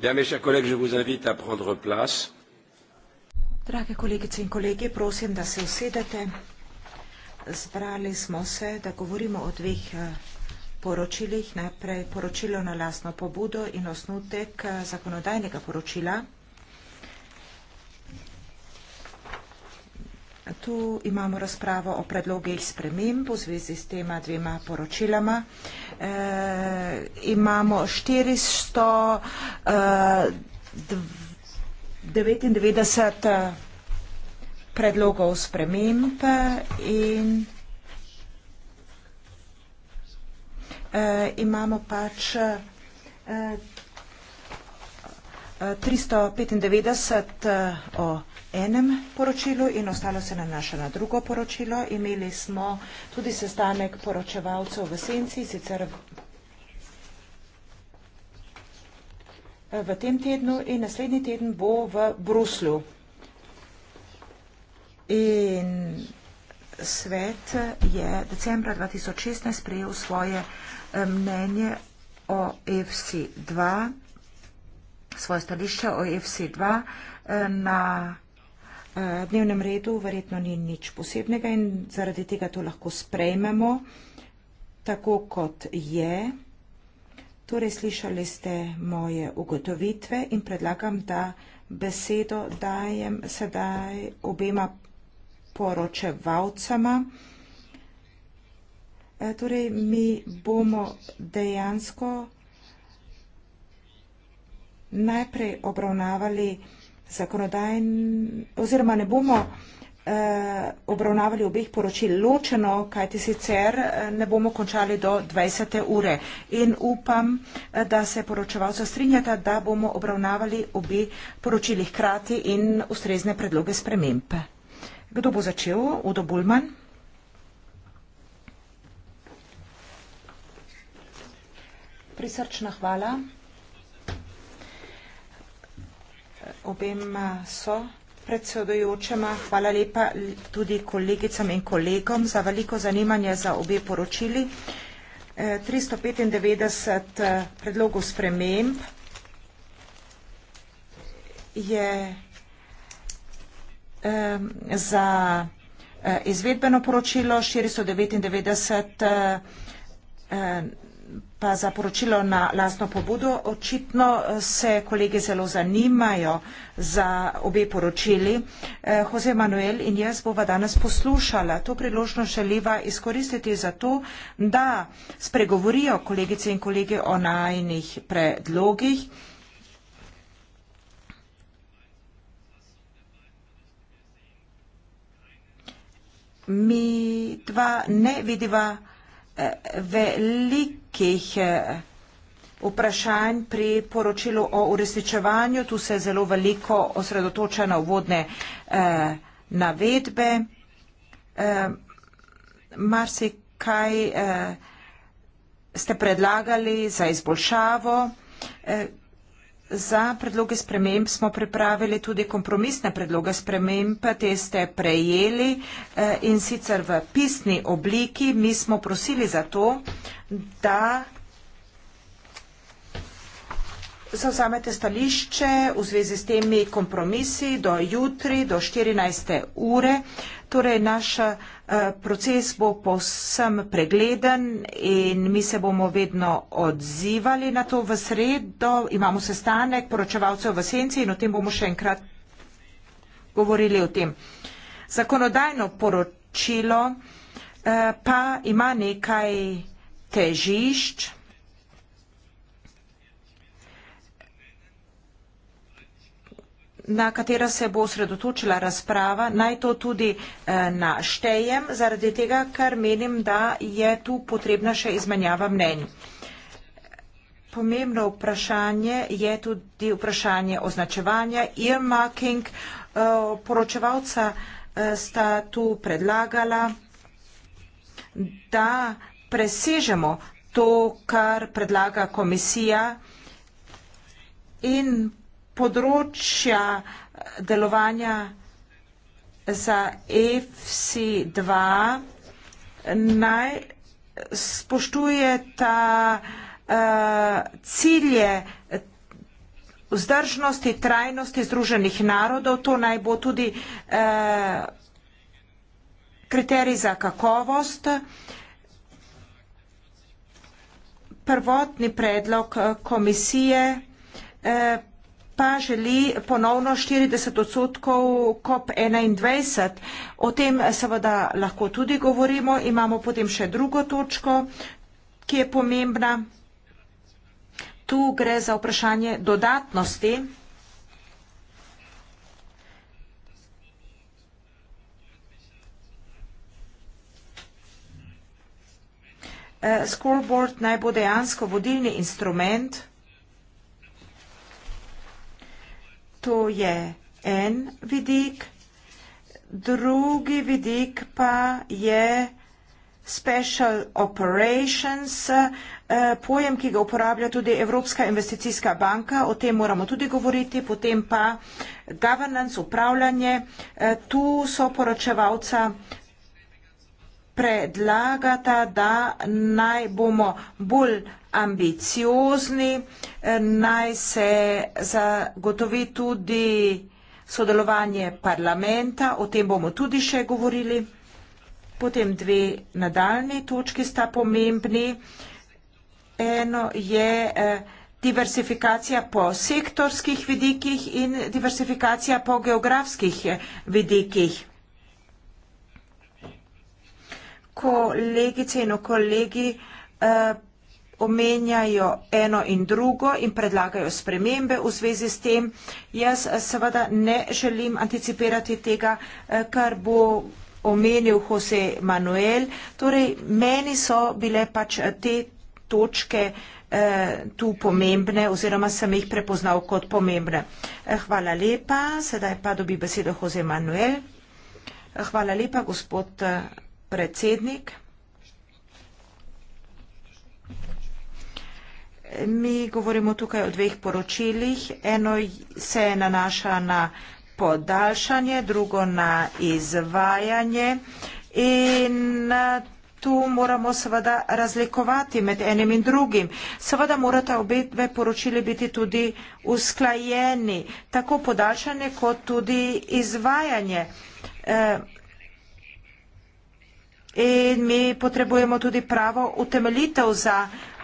Drage kolegice in kolegi, prosim, da se usedete. Zbrali smo se, da govorimo o dveh eh, poročilih. Najprej poročilo na lastno pobudo in osnutek eh, zakonodajnega poročila tu imamo razpravo o predlogih sprememb v zvezi s tema dvema poročilama. E, eh, imamo 499 eh, eh, predlogov sprememb in e, imamo pač 395 eh, o enem poročilu in ostalo se nanaša na drugo poročilo. Imeli smo tudi sestanek poročevalcev v Senci, sicer v eh, tem tednu in naslednji teden bo v Bruslju. In svet je decembra 2016 prijel svoje eh, mnenje o FC2 svoje stališče o e FC2 eh, na eh, dnevnem redu, verjetno ni nič posebnega in zaradi tega to lahko sprejmemo tako, kot je. Torej, slišali ste moje ugotovitve in predlagam, da besedo dajem sedaj obema poročevalcama. Eh, torej, mi bomo dejansko najprej obravnavali zakonodajno, oziroma ne bomo eh, obravnavali obeh poročil ločeno, kajti sicer eh, ne bomo končali do 20. ure. In upam, eh, da se poročevalca strinjata, da bomo obravnavali obe poročili hkrati in ustrezne predloge spremembe. Kdo bo začel? Udo Bulman. Prisrčna hvala. obema so predsedujočema. Hvala lepa tudi kolegicam in kolegom za veliko zanimanje za obe poročili. 395 e, e, predlogov sprememb je e, za izvedbeno poročilo 499 pa za poročilo na lastno pobudo. Očitno eh, se kolege zelo zanimajo za obe poročili. Eh, Jose Manuel in jaz bova danes poslušala. To priložno želiva izkoristiti za to, da spregovorijo kolegice in kolege o najnih predlogih. Mi dva ne vidiva velikih eh, vprašanj pri poročilu o uresničevanju. Tu se je zelo veliko osredotoča na uvodne eh, navedbe. Eh, Marsi kaj ste predlagali za izboljšavo? Za predloge sprememb smo pripravili tudi kompromisne predloge sprememb, te ste prejeli eh, in sicer v pisni obliki. Mi smo prosili za to, da zauzamete stališče v zvezi s temi kompromisi do jutri, do 14. ure. Torej, naš eh, proces bo posem pregleden in mi se bomo vedno odzivali na to v sredo. Imamo sestanek poročevalcev v senci in o tem bomo še enkrat govorili o tem. Zakonodajno poročilo eh, pa ima nekaj težišč. na katera se bo osredotočila razprava. Naj to tudi eh, naštejem, zaradi tega, ker menim, da je tu potrebna še izmenjava mnenj. Pomembno vprašanje je tudi vprašanje označevanja, earmarking, eh, poročevalca eh, sta tu predlagala, da presežemo to, kar predlaga komisija in področja eh, delovanja za EFC-2 naj spoštuje ta eh, cilje vzdržnosti, trajnosti združenih narodov, to naj bo tudi eh, kriterij za kakovost. Prvotni predlog komisije pa želi ponovno 40 odstotkov COP21. O tem seveda lahko tudi govorimo. Imamo potem še drugo točko, ki je pomembna. Tu gre za vprašanje dodatnosti. Eh, scoreboard naj bo dejansko vodilni instrument. to je en vidik, drugi vidik pa je special operations, eh, pojem, ki ga uporablja tudi Evropska investicijska banka, o tem moramo tudi govoriti, potem pa governance, upravljanje, eh, tu so poročevalca predlagata, da naj bomo bolj vsega, ambiciozni, eh, naj se zagotovi tudi sodelovanje parlamenta, o tem bomo tudi še govorili. Potem dve nadaljni točki sta pomembni. Eno je eh, diversifikacija po sektorskih vidikih in diversifikacija po geografskih eh, vidikih. Kolegice in kolegi, omenjajo eno in drugo in predlagajo spremembe v zvezi s tem. Jaz eh, seveda ne želim anticipirati tega, eh, kar bo omenil Jose Manuel. Torej, meni so bile pač eh, te točke eh, tu pomembne oziroma sem jih prepoznal kot pomembne. Hvala lepa. Sedaj pa dobi besedo Jose Manuel. Hvala lepa, gospod predsednik. Mi govorimo tukaj o dveh poročilih. Eno se nanaša na podaljšanje, drugo na izvajanje. In eh, tu moramo seveda razlikovati med enim in drugim. Seveda morata obe poročili biti tudi usklajeni, tako podaljšanje kot tudi izvajanje. Eh, in mi potrebujemo tudi pravo utemeljitev za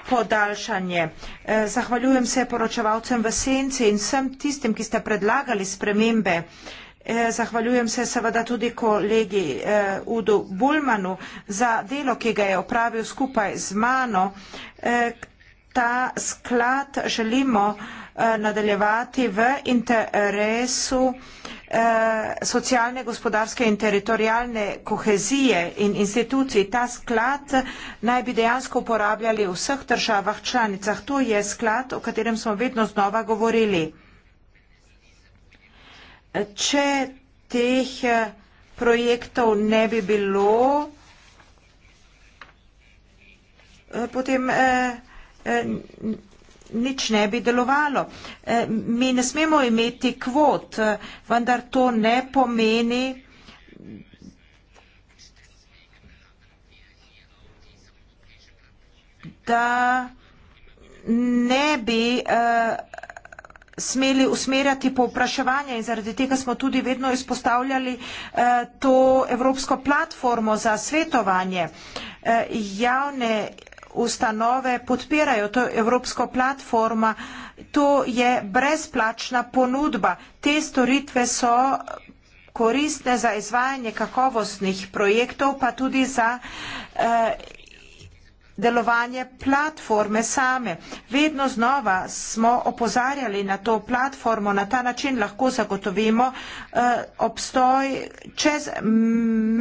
podaljšanje. Eh, zahvaljujem se poročevalcem v senci in vsem tistim, ki ste predlagali spremembe. Eh, zahvaljujem se seveda tudi kolegi eh, Udu Bulmanu za delo, ki ga je opravil skupaj z mano. Ta sklad želimo nadaljevati v interesu uh, Eh, socialne, gospodarske in teritorijalne kohezije in institucij. Ta sklad naj bi dejansko uporabljali v vseh državah članicah. To je sklad, o katerem smo vedno znova govorili. Če teh eh, projektov ne bi bilo, eh, potem eh, eh, nič ne bi delovalo. E, mi ne smemo imeti kvot, e, vendar to ne pomeni, da ne bi e, smeli usmerjati povpraševanje in zaradi tega smo tudi vedno izpostavljali to Evropsko platformo za svetovanje javne ustanove podpirajo to evropsko platformo, to je brezplačna ponudba. Te storitve so koristne za izvajanje kakovostnih projektov, pa tudi za eh, delovanje platforme same. Vedno znova smo opozarjali na to platformo, na ta način lahko zagotovimo eh, obstoj čez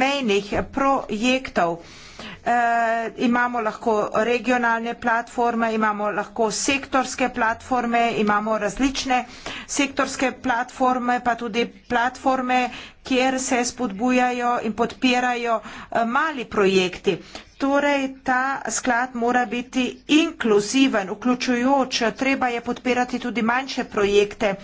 mejnih projektov. Eh, eh, imamo lahko regionalne platforme, imamo lahko sektorske platforme, imamo različne sektorske platforme, pa tudi platforme, kjer se spodbujajo in podpirajo eh, mali projekti. Torej, ta sklad mora biti inkluziven, vključujoč, treba je podpirati tudi manjše projekte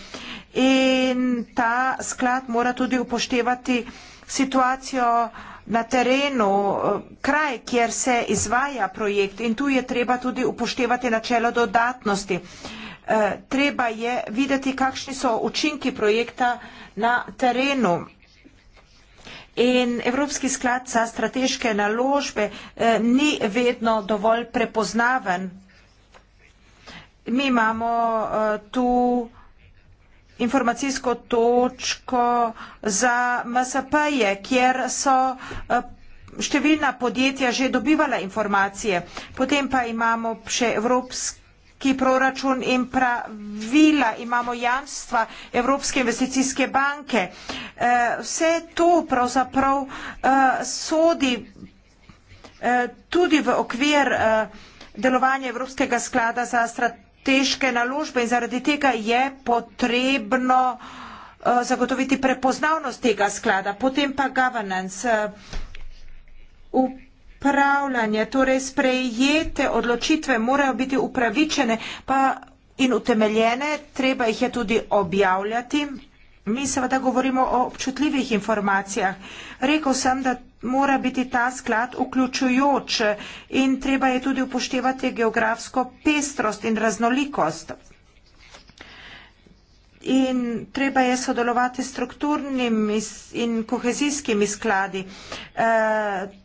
in ta sklad mora tudi upoštevati situacijo eh, na terenu eh, kraj, kjer se izvaja projekt in tu je treba tudi upoštevati načelo dodatnosti. Eh, treba je videti, kakšni so učinki projekta na terenu. In Evropski sklad za strateške naložbe eh, ni vedno dovolj prepoznaven. Mi imamo tu informacijsko točko za MSP-je, kjer so eh, številna podjetja že dobivala informacije. Potem pa imamo še evropski proračun in pravila, imamo jamstva Evropske investicijske banke. Eh, vse to pravzaprav eh, sodi tudi v okvir delovanja Evropskega sklada za strategijo težke naložbe in zaradi tega je potrebno eh, zagotoviti prepoznavnost tega sklada, potem pa governance, eh, upravljanje, torej sprejete odločitve morajo biti upravičene pa in utemeljene, treba jih je tudi objavljati. Mi seveda govorimo o občutljivih informacijah. Rekl sem, da mora biti ta sklad vključujoč in treba je tudi upoštevati geografsko pestrost in raznolikost. In treba je sodelovati s strukturnimi in kohezijskimi skladi. E,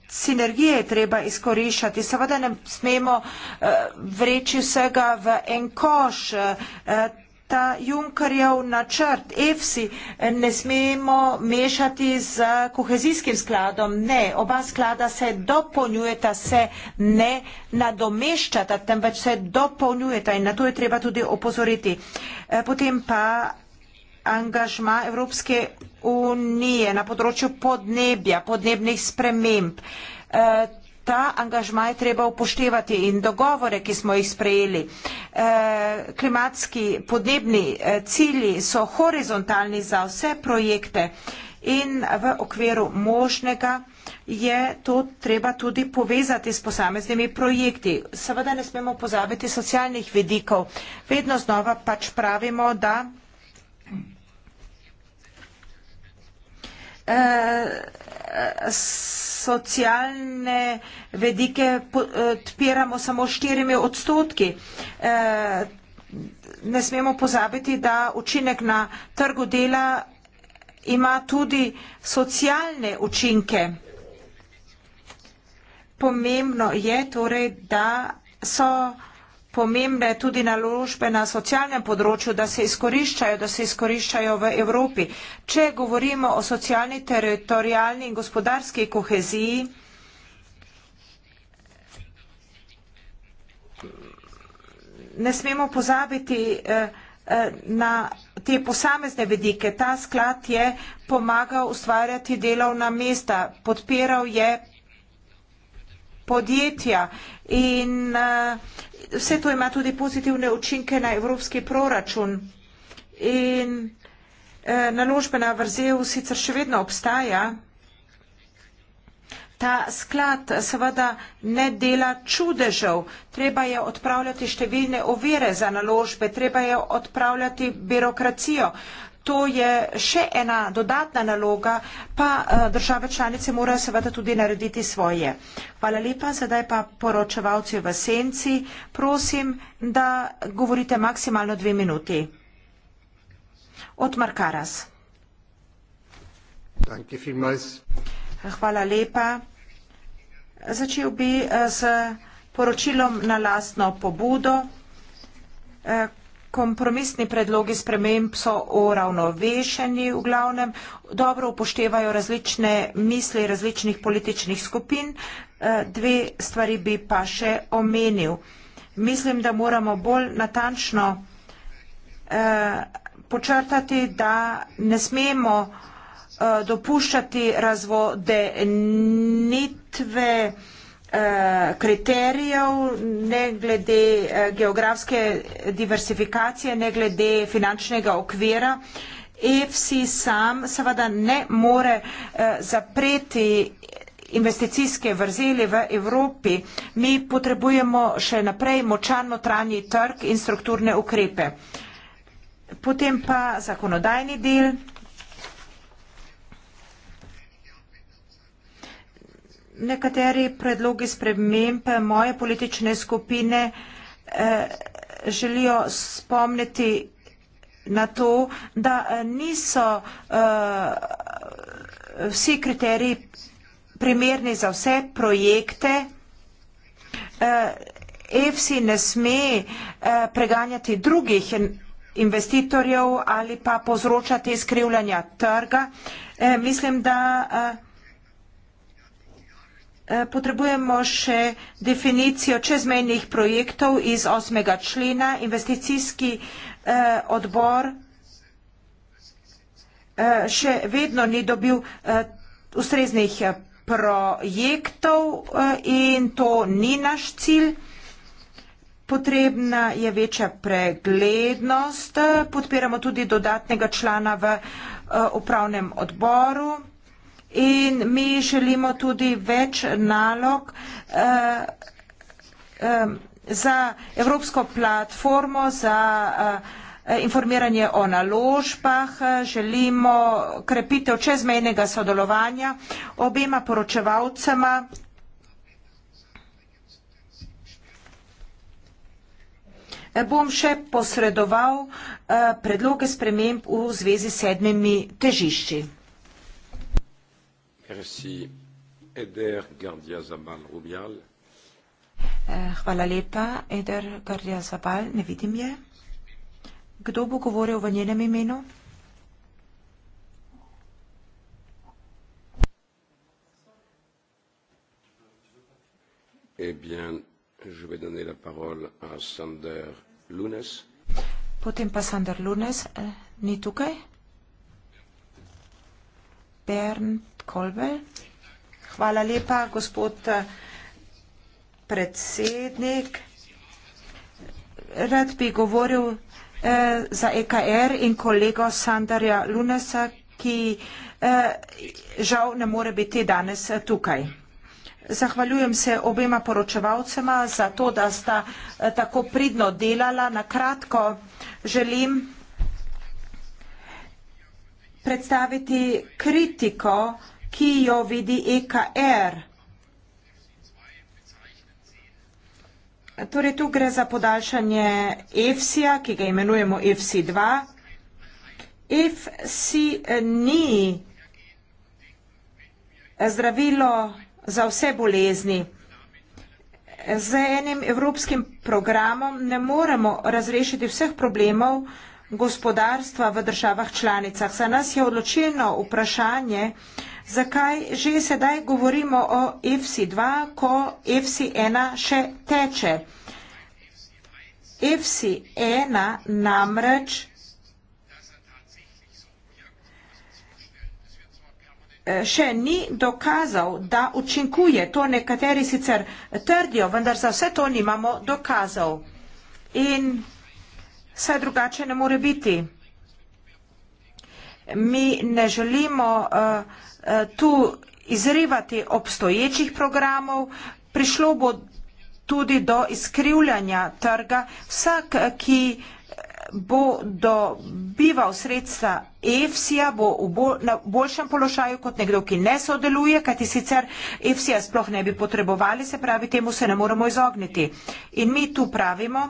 sinergije je treba izkoriščati. Seveda ne smemo e, vreči vsega v en koš. E, ta Junkerjev načrt EFSI ne smemo mešati z kohezijskim skladom. Ne, oba sklada se dopolnjujeta, se ne nadomeščata, temveč se dopolnjujeta in na to je treba tudi opozoriti. E, potem pa angažma Evropske unije na področju podnebja, podnebnih sprememb. E, ta angažma je treba upoštevati in dogovore, ki smo jih sprejeli. Eh, klimatski podnebni eh, cilji so horizontalni za vse projekte in v okviru možnega je to treba tudi povezati s posameznimi projekti. Seveda ne smemo pozabiti socialnih vidikov. Vedno znova pač pravimo, da Eh, eh, socialne vedike podpiramo samo štirimi odstotki. Eh, ne smemo pozabiti, da učinek na trgu dela ima tudi socialne učinke. Pomembno je torej, da so pomembne tudi naložbe na socialnem področju, da se izkoriščajo, da se izkoriščajo v Evropi. Če govorimo o socialni, teritorijalni in gospodarski koheziji, ne smemo pozabiti eh, eh, na te posamezne vidike. Ta sklad je pomagal ustvarjati delovna mesta, podpiral je podjetja. In uh, vse to ima tudi pozitivne učinke na evropski proračun. In uh, naložbena vrzel sicer še vedno obstaja. Ta sklad seveda ne dela čudežev. Treba je odpravljati številne ovire za naložbe, treba je odpravljati birokracijo. Uh, to je še ena dodatna naloga, pa eh, države članice morajo seveda tudi narediti svoje. Hvala lepa, sedaj pa poročevalci v senci, prosim, da govorite maksimalno dve minuti. Od Markaras. Hvala lepa. Začel bi eh, s poročilom na lastno pobudo. Eh, kompromisni predlogi sprememb so uravnovešeni v glavnem, dobro upoštevajo različne misli različnih političnih skupin. Eh, dve stvari bi pa še omenil. Mislim, da moramo bolj natančno eh, počrtati, da ne smemo eh, dopuščati razvode nitve Eh, kriterijev, ne glede eh, geografske diversifikacije, ne glede finančnega okvira. EFSI sam seveda ne more eh, zapreti investicijske vrzeli v Evropi. Mi potrebujemo še naprej močan notranji trg in strukturne ukrepe. Potem pa zakonodajni del. nekateri predlogi sprememb moje politične skupine eh, želijo spomniti na to, da eh, niso eh, vsi kriteriji primerni za vse projekte. EFSI ne sme preganjati drugih investitorjev ali pa povzročati skrivljanja trga. Mislim, da Eh, potrebujemo še definicijo čezmejnih projektov iz osmega člena. Investicijski eh, odbor eh, še vedno ni dobil eh, ustreznih eh, projektov eh, in to ni naš cilj. Potrebna je večja preglednost. Podpiramo tudi dodatnega člana v eh, upravnem odboru in mi želimo tudi več nalog eh, eh, za Evropsko platformo za eh, informiranje o naložbah, želimo krepitev čezmejnega sodelovanja obema poročevalcema. Bom še posredoval predloge sprememb v zvezi sedmimi težišči. Eder Gardia Zabal Rubial. Eh, hvala lepa, Eder Gardia Zabal, ne vidim je. Kdo bo govoril v njenem imenu? Eh bien, je vais donner la parole à Sander Lunes. Potem pa Sander Lunes, eh, ni tukaj. Bernd Kolbe. Hvala lepa, gospod predsednik. Rad bi govoril eh, za EKR in kolego Sandarja Lunesa, ki eh, žal ne more biti danes eh, tukaj. Zahvaljujem se obema poročevalcema za to, da sta eh, tako pridno delala. Na kratko želim predstaviti kritiko, ki jo vidi EKR. Torej, tu gre za podaljšanje EFSI-ja, ki ga imenujemo EFSI-2. EFSI ni zdravilo za vse bolezni. Z enim evropskim programom ne moremo razrešiti vseh problemov gospodarstva v državah članicah. Za nas je odločeno vprašanje, zakaj že sedaj govorimo o FC2, ko FC1 še teče. FC1 namreč eh, še ni dokazal, da učinkuje. To nekateri sicer trdijo, vendar za vse to nimamo dokazal. In vse drugače ne more biti. Mi ne želimo uh, Eh, tu izrivati obstoječih programov, prišlo bo tudi do izkrivljanja trga. Vsak, eh, ki eh, bo dobival sredstva EFSI-ja, bo v bo, na boljšem položaju kot nekdo, ki ne sodeluje, kajti sicer EFSI-ja sploh ne bi potrebovali, se pravi, temu se ne moremo izogniti. In mi tu pravimo,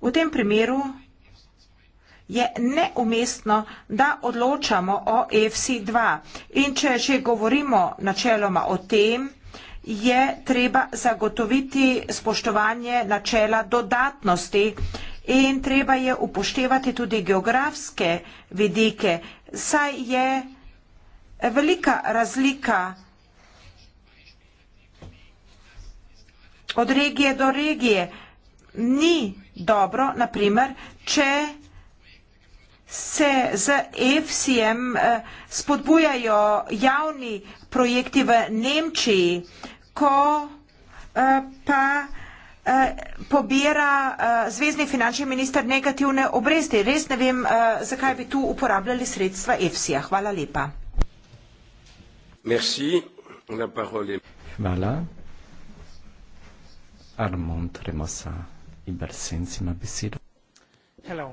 v tem primeru je neumestno, da odločamo o EFC2. In če že govorimo načeloma o tem, je treba zagotoviti spoštovanje načela dodatnosti in treba je upoštevati tudi geografske vidike, saj je velika razlika od regije do regije. Ni dobro, naprimer, če se z EFSI-jem eh, spodbujajo javni projekti v Nemčiji, ko eh, pa eh, pobira zvezdni finančni minister negativne obresti. Res ne vem, zakaj bi tu uporabljali sredstva EFSI-ja. Hvala lepa. Merci. La parole. Hvala. Armand Remosa, Ibersens ima besedo. Hello.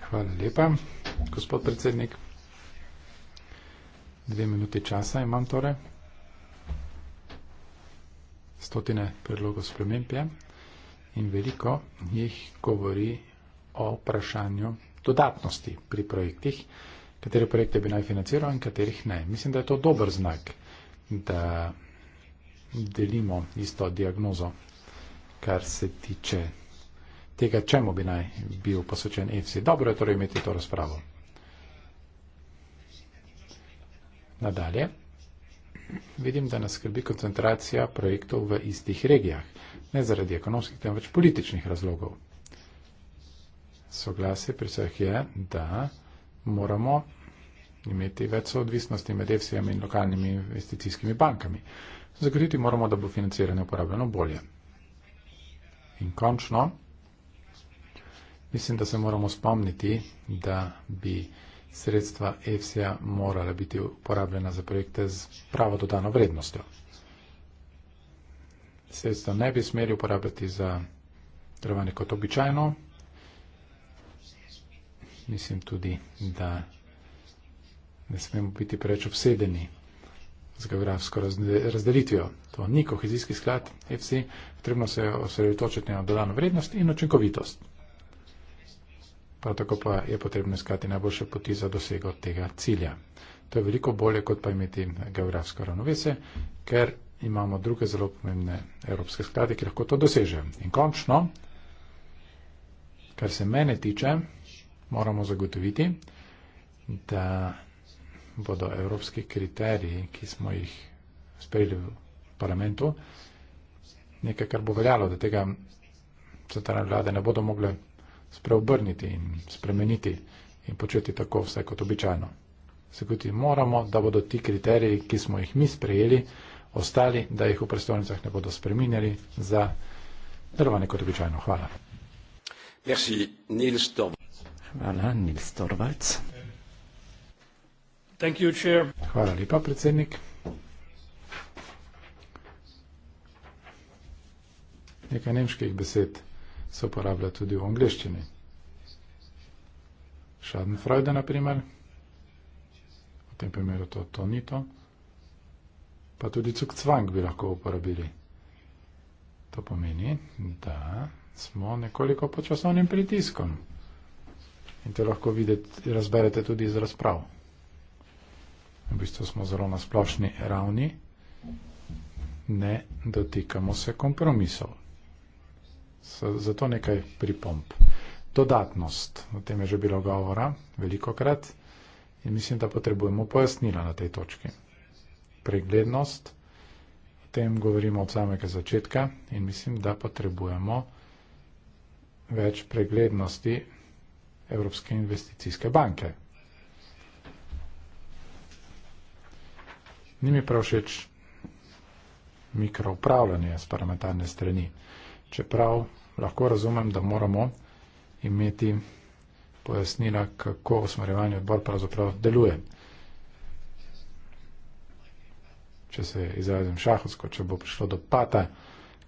Hvala lepa, gospod predsednik. Dve minuti časa imam torej. Stotine predlogov sprememb je in veliko jih govori o vprašanju dodatnosti pri projektih, katere projekte bi naj financiral in katerih ne. Mislim, da je to dober znak, da delimo isto diagnozo kar se tiče tega, čemu bi naj bil posvečen EFSI. Dobro je torej imeti to razpravo. Nadalje. Vidim, da nas skrbi koncentracija projektov v istih regijah. Ne zaradi ekonomskih, temveč političnih razlogov. Soglasje pri vseh je, da moramo imeti več soodvisnosti med EFSI-jem in lokalnimi investicijskimi bankami. Zagotoviti moramo, da bo financiranje uporabljeno bolje. In končno, mislim, da se moramo spomniti, da bi sredstva EFSA morala biti uporabljena za projekte z pravo dodano vrednostjo. Sredstva ne bi smeli uporabljati za trvanje kot običajno. Mislim tudi, da ne smemo biti preveč obsedeni z geografsko razdelitvijo. To ni kohezijski sklad EFSI, potrebno se je osredotočiti na dodano vrednost in očinkovitost. Prav tako pa je potrebno iskati najboljše poti za dosego tega cilja. To je veliko bolje, kot pa imeti geografsko ravnovesje, ker imamo druge zelo pomembne evropske sklade, ki lahko to dosežejo. In končno, kar se mene tiče, moramo zagotoviti, da bodo evropski kriteriji, ki smo jih sprejeli v parlamentu, nekaj, kar bo veljalo, da tega centralne vlade ne bodo mogle spreobrniti in spremeniti in početi tako vse kot običajno. Sekuti moramo, da bodo ti kriteriji, ki smo jih mi sprejeli, ostali, da jih v prestolnicah ne bodo spreminjali za delovanje kot običajno. Hvala. Merci, Nils Torvalds. Hvala, Nils Torvalds. Hvala lepa, predsednik. Nekaj nemških besed se uporablja tudi v angliščini. Schadenfreude, na primer, v tem primeru to, to ni to, pa tudi cukcvang bi lahko uporabili. To pomeni, da smo nekoliko pod časovnim pritiskom. In to lahko videti, razberete tudi iz razprav v bistvu smo zelo na splošni ravni, ne dotikamo se kompromisov. Zato nekaj pripomp. Dodatnost, o tem je že bilo govora veliko krat in mislim, da potrebujemo pojasnila na tej točki. Preglednost, o tem govorimo od samega začetka in mislim, da potrebujemo več preglednosti Evropske investicijske banke. Ni mi prav všeč mikroupravljanje z parlamentarne strani. Čeprav lahko razumem, da moramo imeti pojasnila, kako usmerjevanje odbor pravzaprav deluje. Če se izrazim šahovsko, če bo prišlo do pata,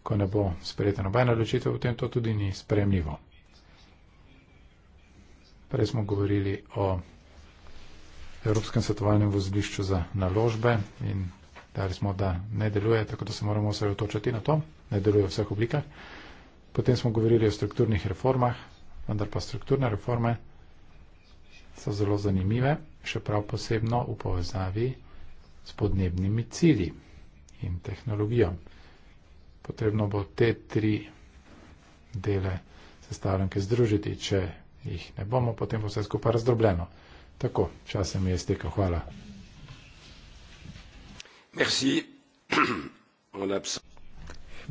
ko ne bo sprejeta nobena odločitev, potem to tudi ni spremljivo. Prej smo govorili o Evropskem svetovalnem vozlišču za naložbe in dali smo, da ne deluje, tako da se moramo osredotočiti na to, ne deluje v vseh oblikah. Potem smo govorili o strukturnih reformah, vendar pa strukturne reforme so zelo zanimive, še prav posebno v povezavi s podnebnimi cili in tehnologijo. Potrebno bo te tri dele sestavljanke združiti, če jih ne bomo, potem bo vse skupaj razdrobljeno. Tako, čas se mi je stekel. Hvala. Merci.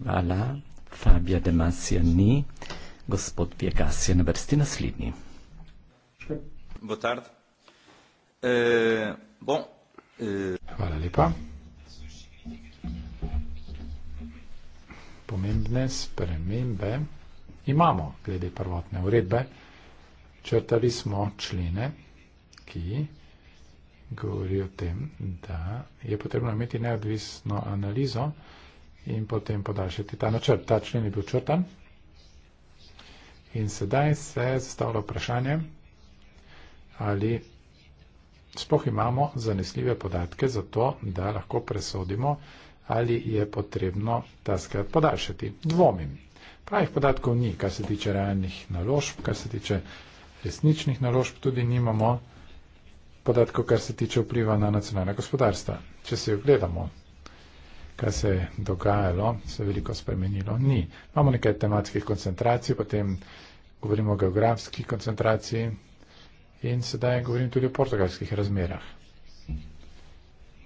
Hvala. Fabija Demasija ni. Gospod Vjegas je na vrsti naslednji. Botard. Eh, bon. Eh. Hvala lepa. Pomembne spremembe imamo glede prvotne uredbe. Črtali smo člene ki govori o tem, da je potrebno imeti neodvisno analizo in potem podaljšati ta načrt. Ta člen je bil črtan in sedaj se je zastavilo vprašanje, ali spoh imamo zanesljive podatke za to, da lahko presodimo, ali je potrebno ta sklad podaljšati. Dvomim. Pravih podatkov ni, kar se tiče realnih naložb, kar se tiče resničnih naložb, tudi nimamo. Ni podatkov, kar se tiče vpliva na nacionalne gospodarstva. Če si ogledamo, kaj se je dogajalo, se je veliko spremenilo. Ni. Imamo nekaj tematskih koncentracij, potem govorimo o geografskih koncentracij in sedaj govorim tudi o portugalskih razmerah.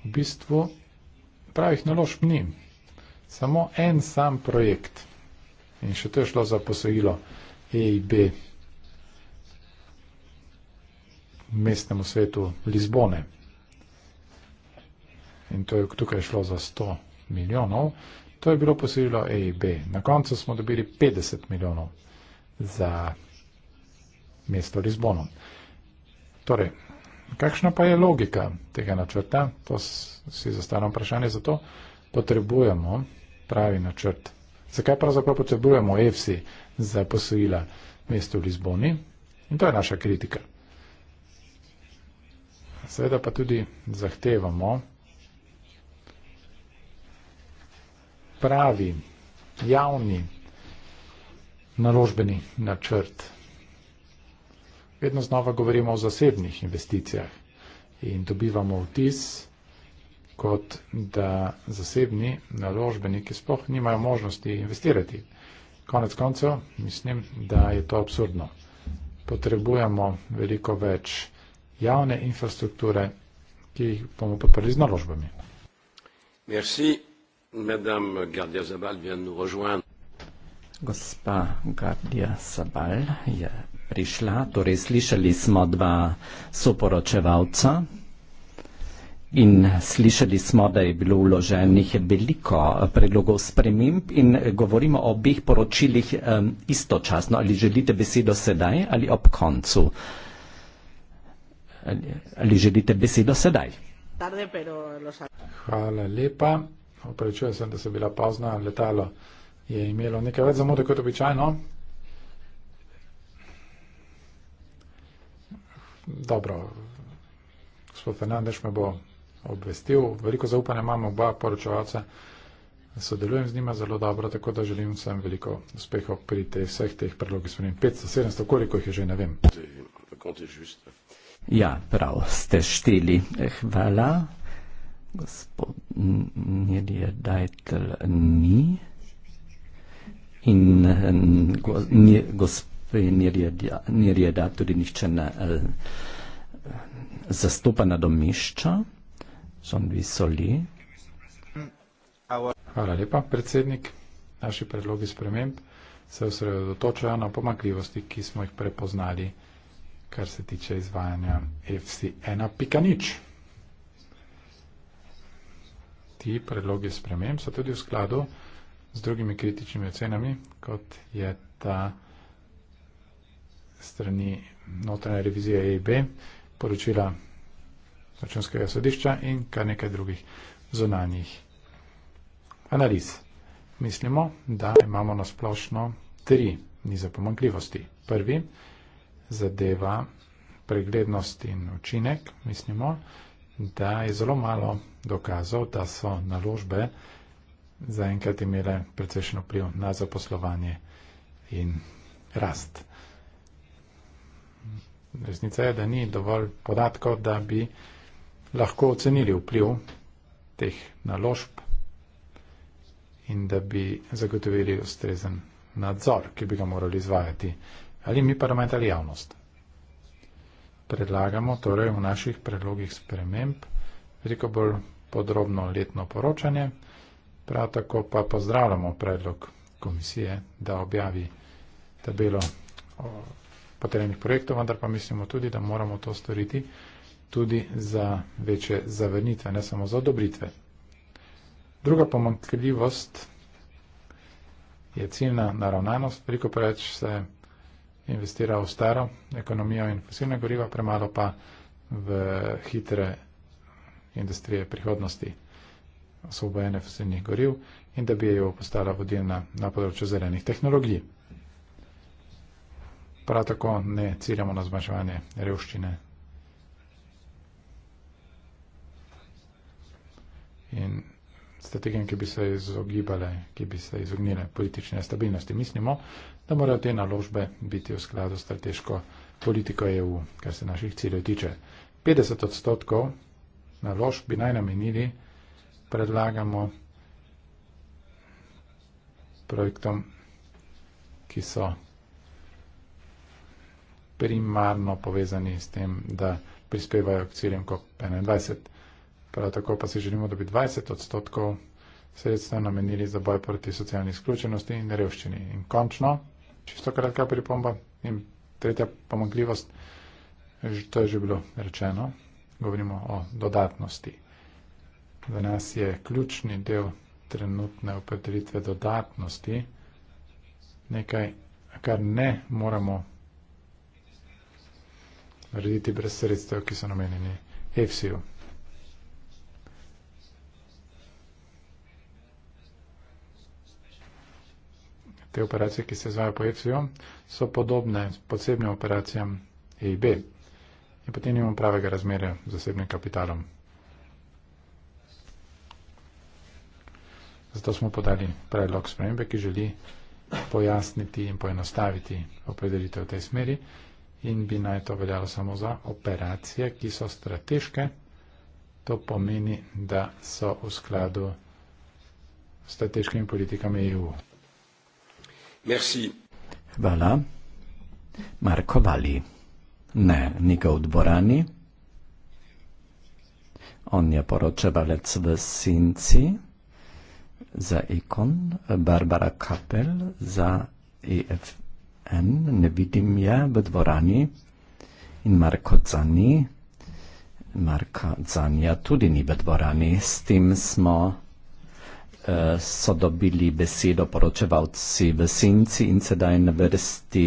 V bistvu pravih naložb ni. Samo en sam projekt. In še to je šlo za posojilo EIB mestnemu svetu Lizbone. In to je tukaj šlo za 100 milijonov. To je bilo posojilo EIB. Na koncu smo dobili 50 milijonov za mesto Lizbono. Torej, kakšna pa je logika tega načrta? To si zastavljam vprašanje. Zato potrebujemo pravi načrt. Zakaj pravzaprav potrebujemo EFSI za posojila mesto Lizboni? In to je naša kritika seveda pa tudi zahtevamo pravi javni naložbeni načrt. Vedno znova govorimo o zasebnih investicijah in dobivamo vtis, kot da zasebni naložbeniki sploh nimajo možnosti investirati. Konec koncev mislim, da je to absurdno. Potrebujemo veliko več javne infrastrukture, ki jih bomo podprli z naložbami. Merci. Madame Gardia Zabal vient nous rejoindre. Gospa Gardia Zabal je prišla, torej slišali smo dva soporočevalca in slišali smo, da je bilo vloženih veliko predlogov sprememb in govorimo o obeh poročilih um, istočasno. Ali želite besedo sedaj ali ob koncu? Uh, ali želite besedo sedaj? Hvala lepa. Oprečujem se, da se je bila pauzna. Letalo je imelo nekaj več zamude kot običajno. Dobro, gospod Fernandez me bo obvestil. Veliko zaupanja imam v oba poročevalca. Sodelujem z njima zelo dobro, tako da želim vsem veliko uspehov pri te, vseh teh predlogih. 500, 700, koliko jih je že, ne vem. Kot je že. Ja, prav ste šteli. Eh, hvala. Gospod Nedje Dajtel ni. In eh, gospe Nirje da tudi nihče ne eh, zastopa na domišča. Hvala lepa, predsednik. Naši predlogi sprememb se osredotočajo na pomakljivosti, ki smo jih prepoznali kar se tiče izvajanja FC1.nič. Ti predlogi sprememb so tudi v skladu z drugimi kritičnimi ocenami, kot je ta strani notranje revizije EIB, poročila računskega sodišča in kar nekaj drugih zonanjih analiz. Mislimo, da imamo na splošno tri nizopomankljivosti. Prvi, zadeva preglednost in učinek, mislimo, da je zelo malo dokazov, da so naložbe zaenkrat imele precejšen vpliv na zaposlovanje in rast. Resnica je, da ni dovolj podatkov, da bi lahko ocenili vpliv teh naložb in da bi zagotovili ustrezen nadzor, ki bi ga morali izvajati ali mi parametali javnost. Predlagamo torej v naših predlogih sprememb veliko bolj podrobno letno poročanje, prav tako pa pozdravljamo predlog komisije, da objavi tabelo potrebnih projektov, vendar pa mislimo tudi, da moramo to storiti tudi za večje zavrnitve, ne samo za odobritve. Druga pomankljivost je ciljna naravnanost, veliko preveč se investira v staro ekonomijo in fosilne goriva, premalo pa v hitre industrije prihodnosti osvobojene fosilnih goriv in da bi jo postala vodilna na področju zelenih tehnologij. Prav tako ne ciljamo na zmanjševanje revščine in strategijami, ki bi se izogibale, ki bi se izognile politične stabilnosti. Mislimo, da morajo te naložbe biti v skladu s strateško politiko EU, kar se naših ciljev tiče. 50 odstotkov naložb bi naj namenili, predlagamo projektom, ki so primarno povezani s tem, da prispevajo k ciljem COP21. Prav tako pa si želimo, da bi 20 odstotkov sredstva namenili za boj proti socialni izključenosti in revščini. In končno, čisto kratka pripomba in tretja pomagljivost, to je že bilo rečeno, govorimo o dodatnosti. Za nas je ključni del trenutne opredelitve dodatnosti nekaj, kar ne moramo narediti brez sredstev, ki so namenjeni EFSI-ju. te operacije, ki se izvajo po EFSIO, so podobne posebnim operacijam EIB. In potem imamo pravega razmerja z zasebnim kapitalom. Zato smo podali predlog spremembe, ki želi pojasniti in poenostaviti opredelitev v tej smeri in bi naj to veljalo samo za operacije, ki so strateške. To pomeni, da so v skladu s strateškimi politikami EU. Merci. Hvala. Marko Vali. Ne, ni ga v dvorani. On je poročevalec v Sinci za ikon, Barbara Kapel za EFN, ne vidim je v dvorani in Marko Cani, Marka Cania tudi ni v dvorani, s tem smo so dobili besedo poročevalci v senci in sedaj na vrsti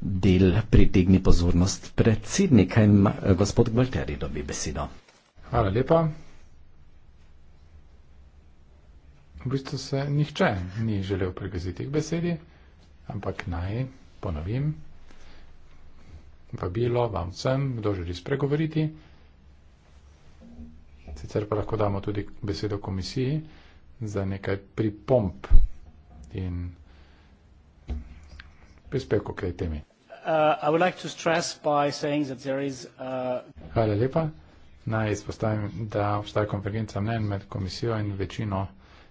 del pritegni pozornost predsednika in gospod Gvalteri dobi besedo. Hvala lepa. V bistvu se nihče ni želel pregaziti k besedi, ampak naj ponovim vabilo vam vsem, kdo želi spregovoriti. Sicer pa lahko damo tudi besedo komisiji za nekaj pripomp in prispevkov k tej temi. Uh, like uh, Hvala lepa. Naj izpostavim, da obstaja konvergenca mnen med komisijo in večino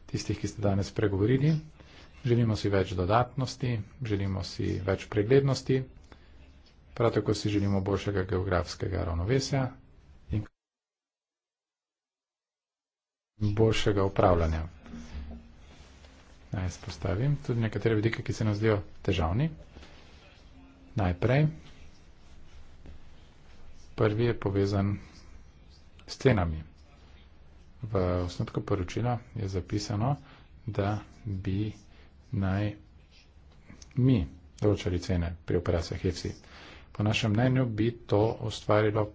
tistih, ki ste danes pregovorili. Želimo si več dodatnosti, želimo si več preglednosti, prav tako si želimo boljšega geografskega ravnovesja in boljšega upravljanja naj spostavim, tudi nekatere vidike, ki se nam zdijo težavni. Najprej, prvi je povezan s cenami. V osnutku poročila je zapisano, da bi naj mi določali cene pri operacijah EFSI. Po našem mnenju bi to ustvarilo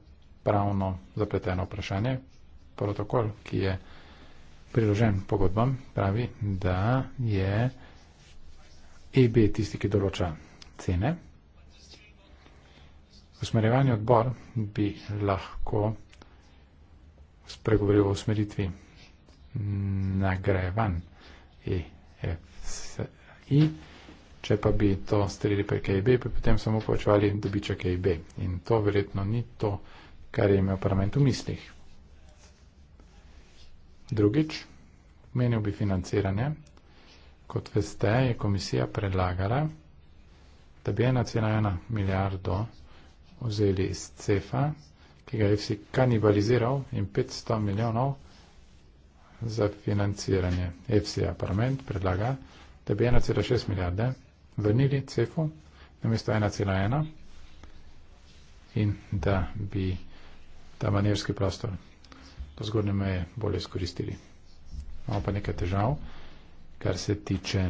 pravno zapleteno vprašanje, protokol, ki je priložen pogodbam pravi, da je EB tisti, ki določa cene. Usmerjevanje odbor bi lahko spregovoril o usmeritvi nagrajevan EFSI, če pa bi to strili prek EIB, pa potem samo povečevali dobiček EIB. In to verjetno ni to, kar je imel parlament v mislih. Drugič, menil bi financiranje. Kot veste, je komisija predlagala, da bi 1,1 milijardo vzeli iz CEFA, ki ga je vsi kanibaliziral in 500 milijonov za financiranje. EFSA ja, parlament predlaga, da bi 1,6 milijarde vrnili CEFU na mesto 1,1 in da bi ta manevrski prostor do zgornje meje bolje izkoristili. Imamo pa nekaj težav, kar se tiče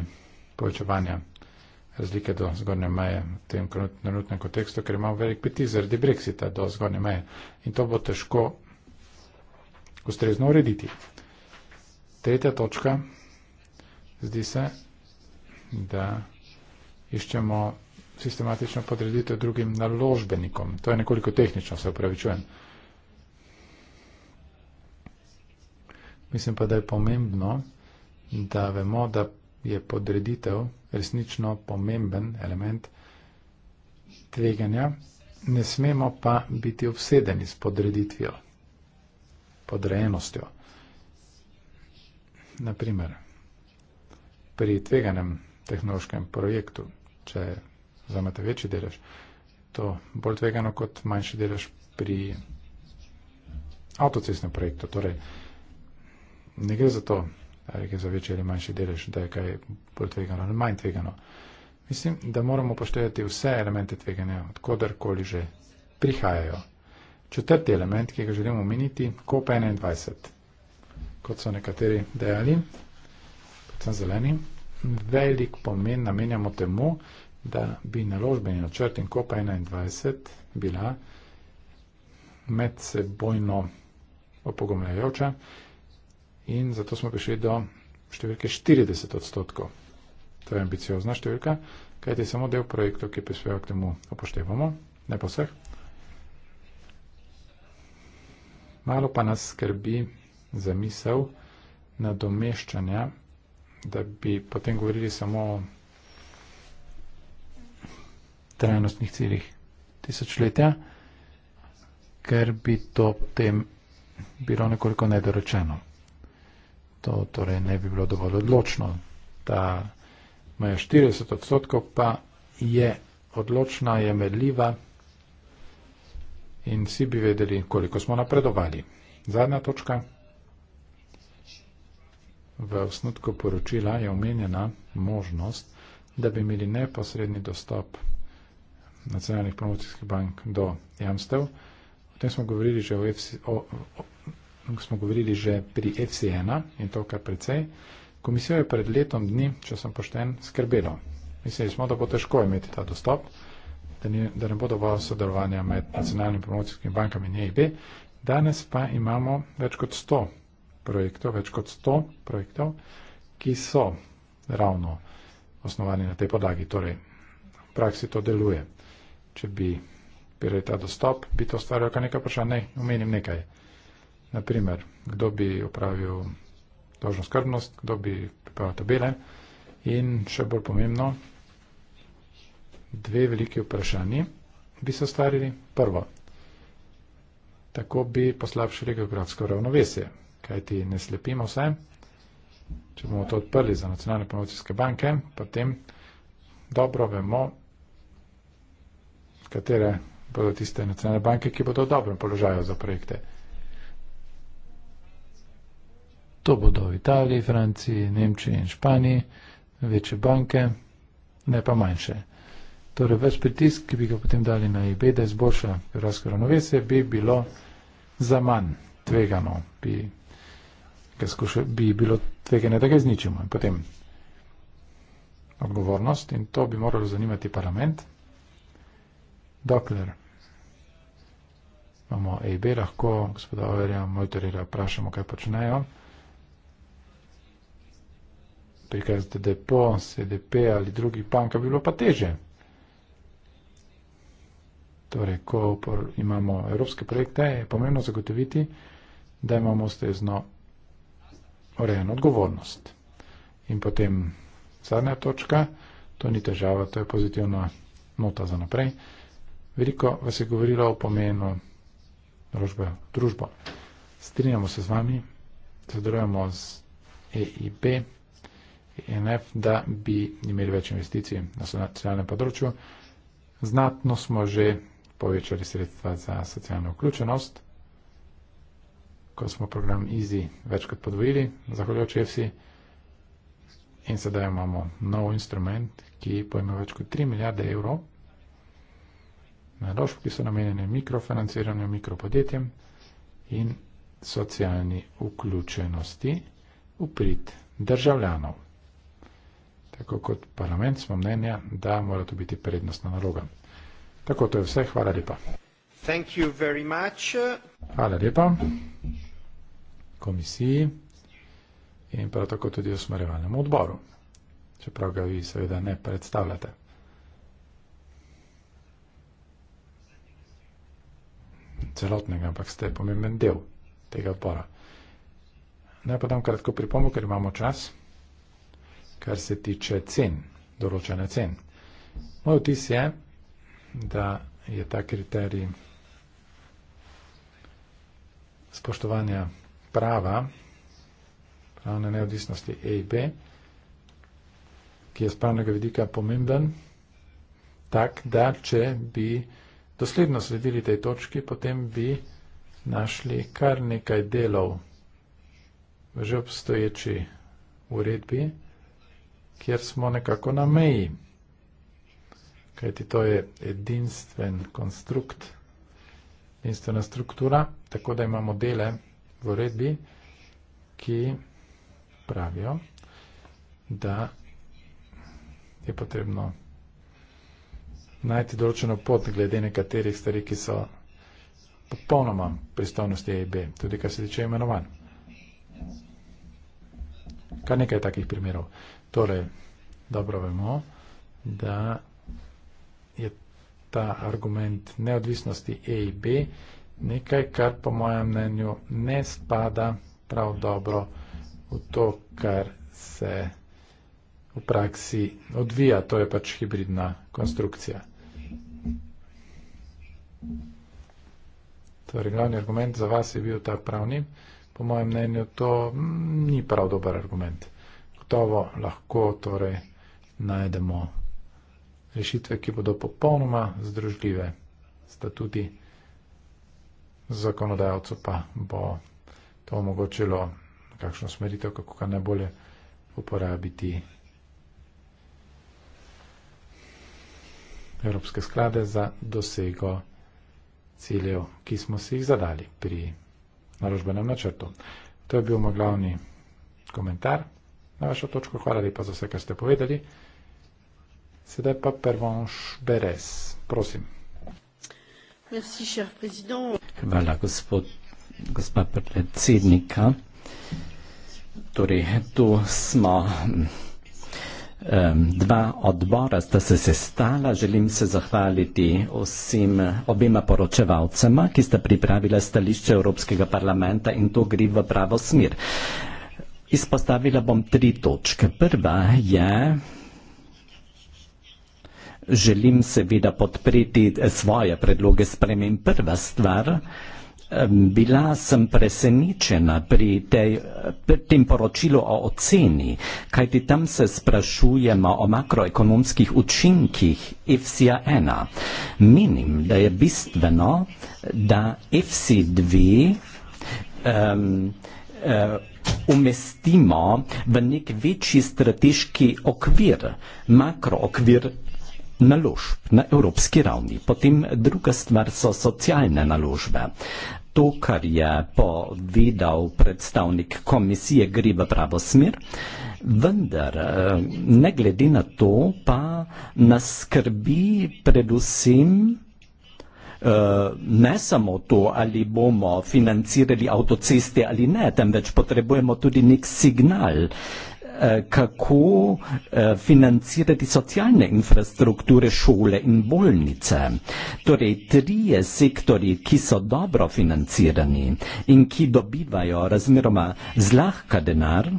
povečevanja razlike do zgornje meje v tem trenutnem kontekstu, ker imamo velik peti zaradi Brexita do zgornje meje in to bo težko ustrezno urediti. Tretja točka, zdi se, da iščemo sistematično podreditev drugim naložbenikom. To je nekoliko tehnično, se upravičujem. Mislim pa, da je pomembno, da vemo, da je podreditev resnično pomemben element tveganja. Ne smemo pa biti obsedeni s podreditvijo, podrejenostjo. Naprimer, pri tveganem tehnološkem projektu, če zamete večji delež, to bolj tvegano kot manjši delež pri avtocestnem projektu. Torej, ne gre za to, ali gre za večji ali manjši delež, da je kaj bolj tvegano ali manj tvegano. Mislim, da moramo poštevati vse elemente tveganja, odkudarkoli že prihajajo. Četrti element, ki ga želimo omeniti, COP21, kot so nekateri dejali, predvsem zeleni, velik pomen namenjamo temu, da bi naložbeni načrt in COP21 bila medsebojno opogomljajoča in zato smo prišli do številke 40 odstotkov. To je ambiciozna številka, kajti samo del projektov, ki prispeva k temu, upoštevamo, ne pa vseh. Malo pa nas skrbi za misel nadomeščanja, da bi potem govorili samo o trajnostnih ciljih tisočletja, ker bi to tem bilo nekoliko nedorečeno to torej ne bi bilo dovolj odločno. Ta meja 40 odstotkov pa je odločna, je medljiva in vsi bi vedeli, koliko smo napredovali. Zadnja točka v osnutku poročila je omenjena možnost, da bi imeli neposredni dostop nacionalnih promocijskih bank do jamstev. O tem smo govorili že o, FC, o, o kot smo govorili že pri FC1 in to kar precej, komisijo je pred letom dni, če sem pošten, skrbelo. Mislili smo, da bo težko imeti ta dostop, da, ni, da ne bo dovolj sodelovanja med nacionalnimi promocijskimi bankami in EIB. Danes pa imamo več kot 100 projektov, več kot 100 projektov, ki so ravno osnovani na tej podlagi. Torej, v praksi to deluje. Če bi bil ta dostop, bi to stvarilo kar nekaj vprašanj. Ne, omenim nekaj naprimer, kdo bi opravil dožno skrbnost, kdo bi pripravil tabele in še bolj pomembno, dve veliki vprašanji bi se ustvarili. Prvo, tako bi poslabšali geografsko ravnovesje, kajti ne slepimo vse, če bomo to odprli za nacionalne promocijske banke, potem dobro vemo, katere bodo tiste nacionalne banke, ki bodo v dobrem položaju za projekte. To bodo v Italiji, Franciji, Nemčiji in Španiji, večje banke, ne pa manjše. Torej, več pritisk, ki bi ga potem dali na IB, da izboljša evropsko ravnovesje, bi bilo za manj tvegano, bi, skuša, bi bilo tvegano, da ga izničimo. In potem odgovornost in to bi moralo zanimati parlament. Dokler imamo IB, lahko gospoda Overja, Mojtorira, vprašamo, kaj počnejo prikaz DDPO, SDP ali drugih banka, bi bilo pa teže. Torej, ko imamo evropske projekte, je pomembno zagotoviti, da imamo ustrezno urejeno odgovornost. In potem zadnja točka, to ni težava, to je pozitivna nota za naprej. Veliko vas je govorilo o pomenu družbe, družbo. Strinjamo se z vami, sodelujemo z EIB. IMF, e da bi imeli več investicij na socialnem področju. Znatno smo že povečali sredstva za socialno vključenost, ko smo program EASY večkrat podvojili, zahvaljujoč EFSI, in sedaj imamo nov instrument, ki pojme več kot 3 milijarde evrov naložb, ki so namenjene mikrofinanciranju, mikropodjetjem in socialni vključenosti v prid državljanov. Tako kot parlament smo mnenja, da mora to biti prednostna naloga. Tako to je vse, hvala lepa. Hvala lepa komisiji in prav tako tudi usmerjevalnemu odboru, čeprav ga vi seveda ne predstavljate. Celotnega, ampak ste pomemben del tega odbora. Naj podam kratko pripombo, ker imamo čas kar se tiče cen, določene cen. Moj vtis je, da je ta kriterij spoštovanja prava, pravne neodvisnosti EIB, ki je z pravnega vidika pomemben, tak, da če bi dosledno sledili tej točki, potem bi našli kar nekaj delov v že obstoječi uredbi, kjer smo nekako na meji. Kajti to je edinstven konstrukt, edinstvena struktura, tako da imamo dele v uredbi, ki pravijo, da je potrebno najti določeno pot glede nekaterih stvari, ki so popolnoma pristojnosti AIB, tudi kar se tiče imenovanj. Kar nekaj takih primerov. Torej, dobro vemo, da je ta argument neodvisnosti A in B nekaj, kar po mojem mnenju ne spada prav dobro v to, kar se v praksi odvija. To je pač hibridna konstrukcija. Torej, glavni argument za vas je bil ta pravni. Po mojem mnenju to mm, ni prav dober argument zagotovo lahko torej najdemo rešitve, ki bodo popolnoma združljive, sta tudi zakonodajalcu pa bo to omogočilo kakšno smeritev, kako ga najbolje uporabiti Evropske sklade za dosego ciljev, ki smo si jih zadali pri naložbenem načrtu. To je bil moj glavni komentar na vašo točko. Hvala lepa za vse, kar ste povedali. Sedaj pa Pervonš Beres. Prosim. Merci, Hvala, gospod, gospa predsednika. Torej, tu smo um, dva odbora, sta se sestala. Želim se zahvaliti vsem obema poročevalcema, ki sta pripravila stališče Evropskega parlamenta in to gre v pravo smer. Izpostavila bom tri točke. Prva je, želim seveda podpreti eh, svoje predloge spremem. Prva stvar, eh, bila sem presenečena pri, tej, eh, pri tem poročilu o oceni, kajti tam se sprašujemo o makroekonomskih učinkih FCI1. Menim, da je bistveno, da FCI2 um, umestimo v nek večji strateški okvir, makrookvir naložb na evropski ravni. Potem druga stvar so socialne naložbe. To, kar je povedal predstavnik komisije, gre v pravo smer, vendar eh, ne glede na to pa nas skrbi predvsem Eh, ne samo to, ali bomo financirali avtoceste ali ne, temveč potrebujemo tudi nek signal, eh, kako eh, financirati socialne infrastrukture, šole in bolnice. Torej, trije sektori, ki so dobro financirani in ki dobivajo razmeroma zlahka denar,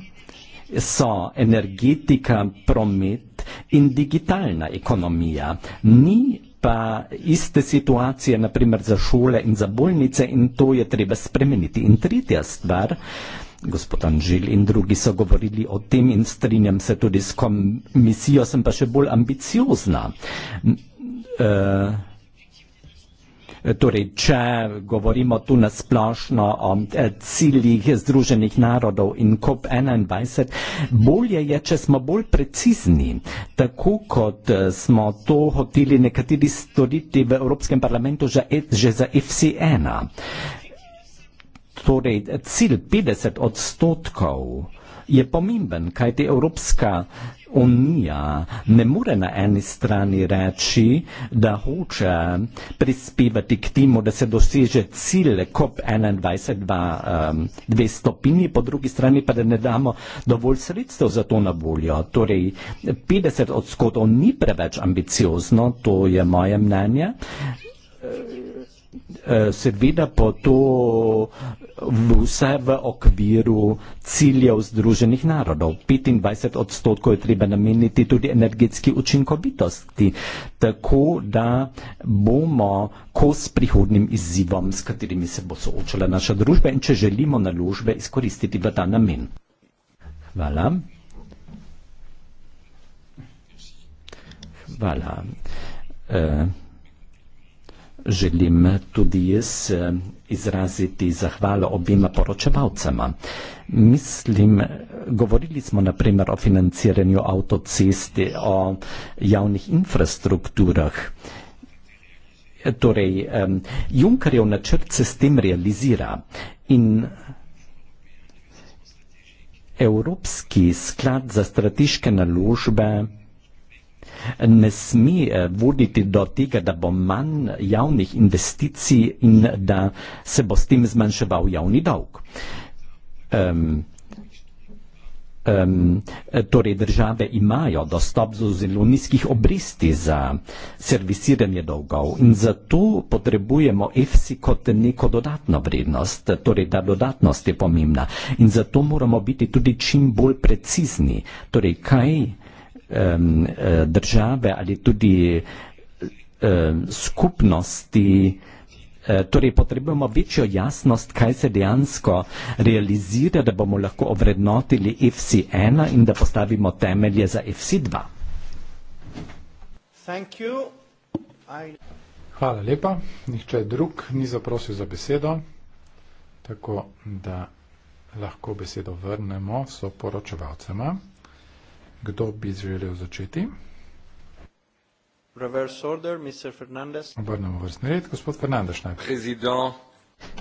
so energetika, promet in digitalna ekonomija. Ni pa iste situacije, naprimer za šole in za bolnice in to je treba spremeniti. In tretja stvar, gospod Anžil in drugi so govorili o tem in strinjam se tudi s komisijo, sem pa še bolj ambiciozna. Uh, Torej, če govorimo tu nasplošno o eh, ciljih Združenih narodov in COP21, bolje je, če smo bolj precizni, tako kot eh, smo to hoteli nekateri storiti v Evropskem parlamentu že, e, že za FC1. Torej, cilj 50 odstotkov je pomemben, kajti Evropska Unija ne more na eni strani reči, da hoče prispevati k temu, da se doseže cilj COP21 ehm, dve stopinji, po drugi strani pa da ne damo dovolj sredstev za to na voljo. Torej, 50 odstotkov ni preveč ambiciozno, to je moje mnenje. Eh, seveda pa to vse v okviru ciljev Združenih narodov. 25 odstotkov je treba nameniti tudi energetski učinkovitosti, tako da bomo kos prihodnim izzivom, s katerimi se bo soočala naša družba in če želimo naložbe izkoristiti v ta namen. Hvala. Hvala. Uh, Želim tudi jaz eh, izraziti zahvalo obima poročevalcema. Mislim, govorili smo naprimer o financiranju avtocesti, o javnih infrastrukturah. Torej, Junkarjev načrt se s tem realizira in Evropski sklad za strateške naložbe ne sme eh, voditi do tega, da bo manj javnih investicij in da se bo s tem zmanjševal javni dolg. Um, Um, torej države imajo dostop do zelo nizkih obresti za servisiranje dolgov in zato potrebujemo EFSI kot neko dodatno vrednost, torej ta dodatnost je pomembna in zato moramo biti tudi čim bolj precizni, torej kaj E, države ali tudi e, skupnosti, e, torej potrebujemo večjo jasnost, kaj se dejansko realizira, da bomo lahko ovrednotili FC1 in da postavimo temelje za FC2. Hvala lepa. Nihče drug ni zaprosil za besedo, tako da lahko besedo vrnemo soporočevalcema. Kdo bi želel začeti? Order, Obrnemo vrstni red, gospod Fernandes najprej.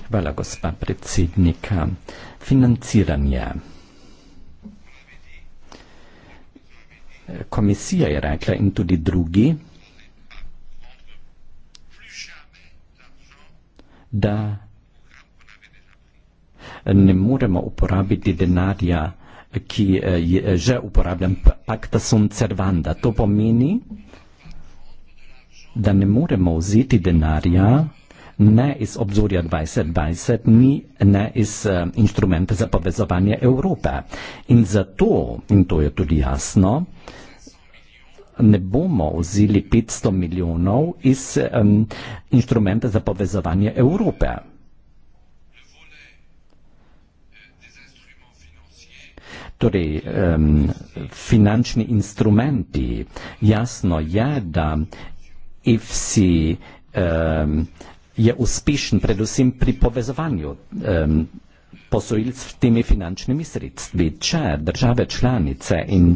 Hvala, gospa predsednika. Financiranje. Komisija je rekla in tudi drugi, da ne moremo uporabiti denarja ki eh, je, eh, že uporabljam pacta sunt servanda. To pomeni, da ne moremo vzeti denarja ne iz obzorja 2020, ni ne iz um, inštrumenta za povezovanje Evrope. In zato, in to je tudi jasno, ne bomo vzeli 500 milijonov iz um, inštrumenta za povezovanje Evrope. torej um, finančni instrumenti. Jasno je, da IFSI um, je uspešen predvsem pri povezovanju um, posojil s temi finančnimi sredstvi. Če države članice in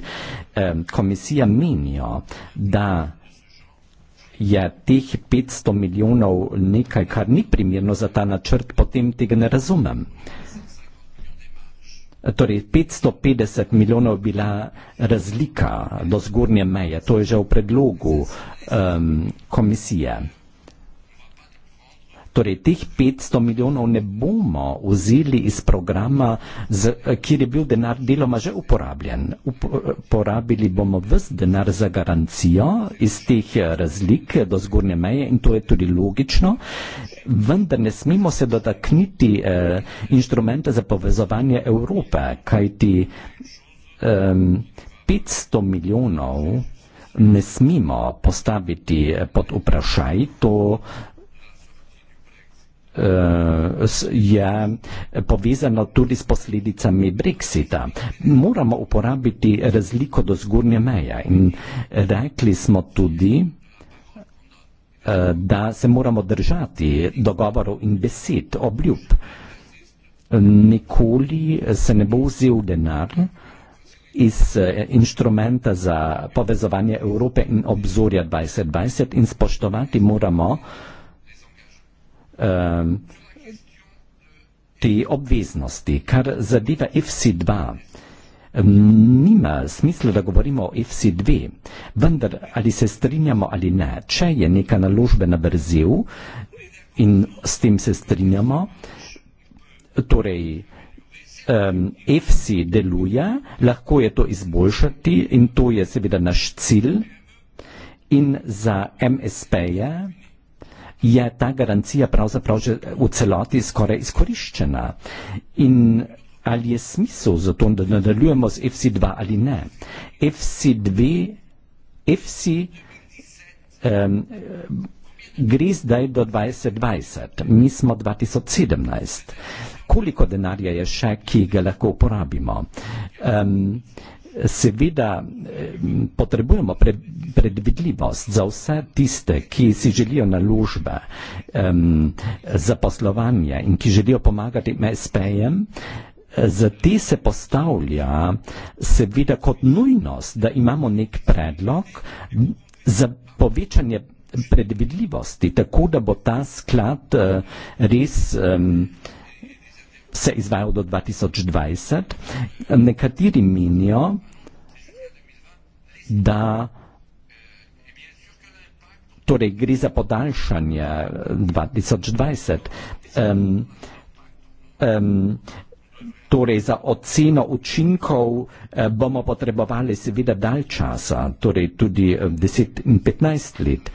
um, komisija menijo, da je teh 500 milijonov nekaj, kar ni primerno za ta načrt, potem tega ne razumem. Uh, Torej, 550 milijonov je bila razlika do zgornje meje, to je že v predlogu um, komisije. Torej, teh 500 milijonov ne bomo vzeli iz programa, z, kjer je bil denar deloma že uporabljen. Uporabili bomo vse denar za garancijo iz teh razlik do zgornje meje in to je tudi logično vendar ne smemo se dotakniti eh, inštrumenta za povezovanje Evrope, kajti eh, 500 milijonov ne smemo postaviti eh, pod vprašaj. To, eh, je povezano tudi s posledicami Brexita. Moramo uporabiti razliko do zgornje meje in rekli smo tudi, Eh, da se moramo držati dogovorov in besed, obljub. Nikoli se ne bo vzel denar iz eh, inštrumenta za povezovanje Evrope in obzorja 2020 in spoštovati moramo eh, te obveznosti, kar zadeva FC2, nima smisla, da govorimo o FC2, vendar ali se strinjamo ali ne, če je neka naložbena brzel in s tem se strinjamo, torej um, FC deluje, lahko je to izboljšati in to je seveda naš cilj in za MSP-je je ta garancija pravzaprav že v celoti skoraj izkoriščena. In ali je smisel za to, da nadaljujemo z FC2 ali ne. FC2, FC um, gre zdaj do 2020, mi smo 2017. Koliko denarja je še, ki ga lahko uporabimo? Um, Seveda potrebujemo pre, predvidljivost za vse tiste, ki si želijo naložbe um, za poslovanje in ki želijo pomagati MSP-jem. Um, Za te se postavlja seveda kot nujnost, da imamo nek predlog za povečanje predvidljivosti, tako da bo ta sklad eh, res se izvajal do 2020. Nekateri menijo, da torej gre za podaljšanje 2020. Eh, Torej, za oceno učinkov eh, bomo potrebovali seveda dalj časa, torej tudi 10 eh, in 15 let.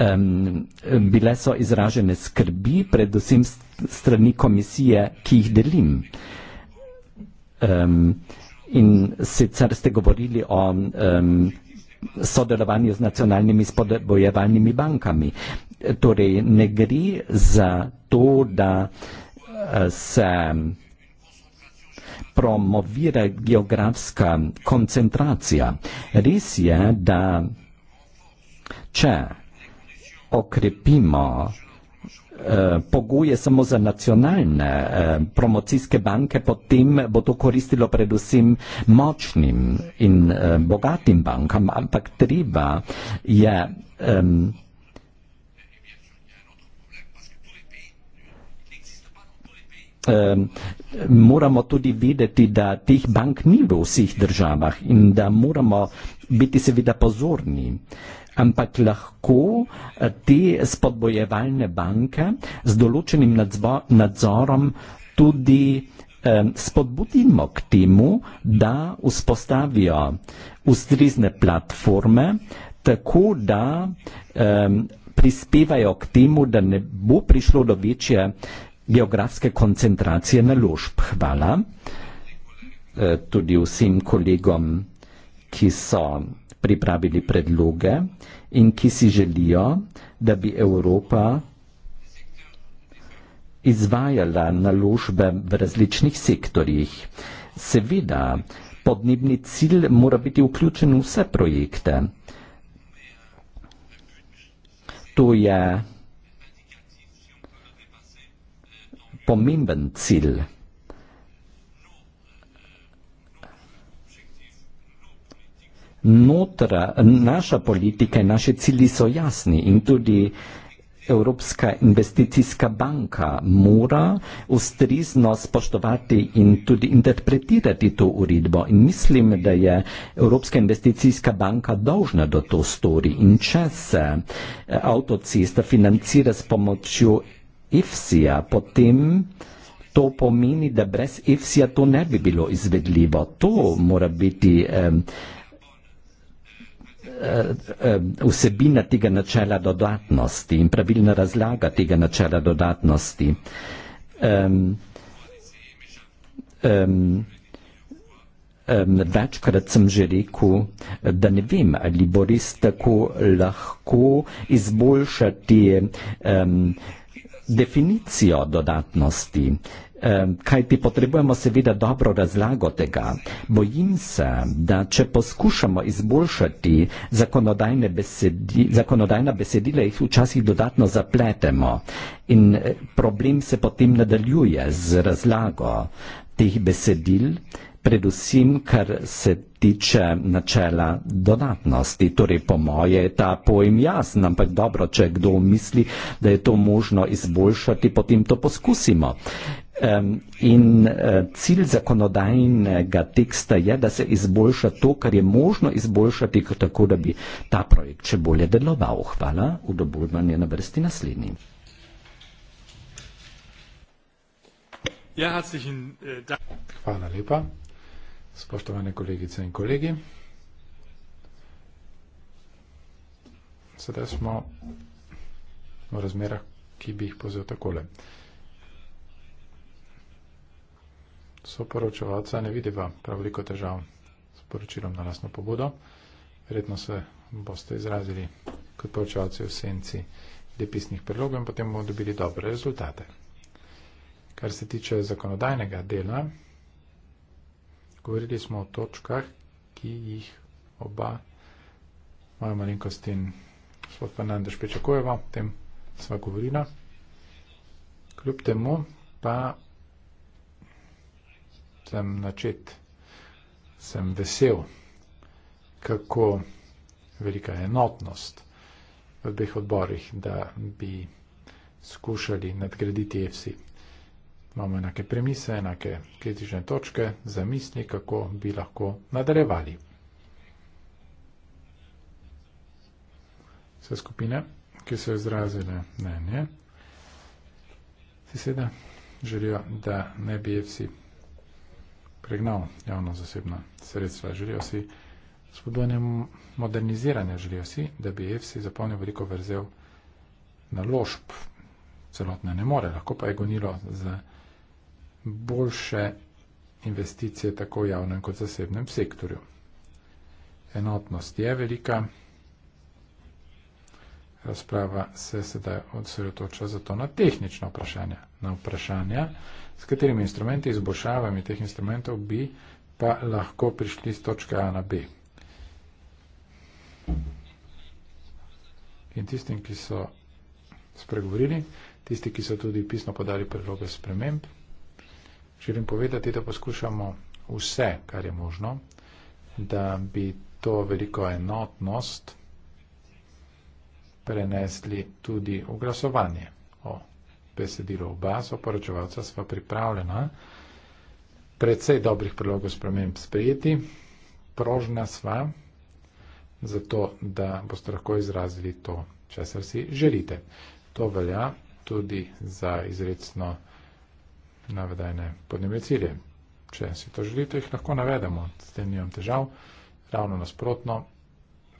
Um, bile so izražene skrbi, predvsem strani komisije, ki jih delim. Um, in sicer ste govorili o um, sodelovanju z nacionalnimi spodbojevalnimi bankami. Torej, ne gre za to, da eh, se promovira geografska koncentracija. Res je, da če okrepimo eh, pogoje samo za nacionalne eh, promocijske banke, potem bo to koristilo predvsem močnim in eh, bogatim bankam, ampak treba je. Um, um, moramo tudi videti, da teh bank ni v vseh državah in da moramo biti seveda pozorni. Ampak lahko eh, te spodbojevalne banke z določenim nadzorom tudi ehm, spodbudimo k temu, da vzpostavijo ustrezne platforme, tako da um, prispevajo k temu, da ne bo prišlo do večje uh, geografske koncentracije naložb. Hvala e, tudi vsem kolegom, ki so pripravili predloge in ki si želijo, da bi Evropa izvajala naložbe v različnih sektorjih. Seveda, podnebni cilj mora biti vključen v vse projekte. To je pomemben cilj. Notra, naša politika in naše cilji so jasni in tudi Evropska investicijska banka mora ustrizno spoštovati in tudi interpretirati to uredbo. In mislim, da je Evropska investicijska banka dolžna, da to stori. In če se eh, avtocesta financira s pomočjo Ifsija, potem to pomeni, da brez Ifsija to ne bi bilo izvedljivo. To mora biti um, um, vsebina tega načela dodatnosti in pravilna razlaga tega načela dodatnosti. Um, um, Um, večkrat sem že rekel, da ne vem, ali bo res tako lahko izboljšati um, definicijo dodatnosti, kaj ti potrebujemo seveda dobro razlago tega. Bojim se, da če poskušamo izboljšati besedi, zakonodajna besedila, jih včasih dodatno zapletemo in eh, problem se potem nadaljuje z razlago teh besedil, predvsem kar se tiče načela dodatnosti. Torej, po moje je ta pojem jasen, ampak dobro, če kdo misli, da je to možno izboljšati, potem to poskusimo. In eh, cilj zakonodajnega teksta je, da se izboljša to, kar je možno izboljšati, tako da bi ta projekt še bolje deloval. Hvala. Udo Bulman je na vrsti naslednji. Ja, eh, Hvala lepa. Spoštovane kolegice in kolegi, sedaj smo v razmerah, ki bi jih povzel takole. Soporočevalca ne vidiva prav veliko težav s poročilom na lastno pobudo. Verjetno se boste izrazili kot poročevalci v senci depisnih predlogov in potem bomo dobili dobre rezultate. Kar se tiče zakonodajnega dela, govorili smo o točkah, ki jih oba moja malenkost in gospod Fernandes pričakujeva, o tem sva govorila. Kljub temu pa sem načet, sem vesel, kako velika enotnost v dveh odborih, da bi skušali nadgraditi EFSI imamo enake premise, enake kritične točke, zamisli, kako bi lahko nadaljevali. Vse skupine, ki so izrazile mnenje, si seveda želijo, da ne bi vsi pregnal javno-zasebna sredstva. Želijo si spodbujanje moderniziranja, želijo si, da bi EFSI zapolnil veliko vrzel naložb. Celotne ne more, lahko pa je gonilo za boljše investicije tako v javnem kot zasebnem sektorju. Enotnost je velika, razprava se sedaj odsredotoča zato na tehnična vprašanja, na vprašanja, s katerimi instrumenti, izboljšavami teh instrumentov bi pa lahko prišli z točke A na B. In tistim, ki so spregovorili, tisti, ki so tudi pisno podali predloge sprememb, Želim povedati, da poskušamo vse, kar je možno, da bi to veliko enotnost prenesli tudi v glasovanje o besedilu oba soporočevalca. Sva pripravljena predvsej dobrih predlogov sprememb sprejeti, prožna sva zato, da boste lahko izrazili to, česar si želite. To velja tudi za izredno navedene podnebne cilje. Če si to želite, jih lahko navedemo, s tem nimam težav, ravno nasprotno,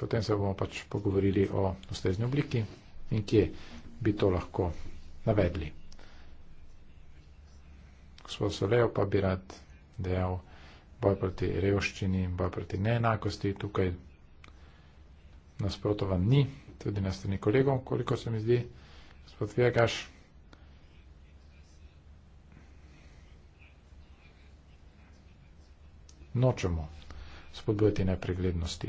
potem se bomo pač pogovorili o ustrezni obliki in kje bi to lahko navedli. Gospod Solejo pa bi rad dejal boj proti revščini, boj proti neenakosti, tukaj nasprotovan ni, tudi na strani kolegov, koliko se mi zdi, gospod Vegaš. nočemo spodbujati nepreglednosti.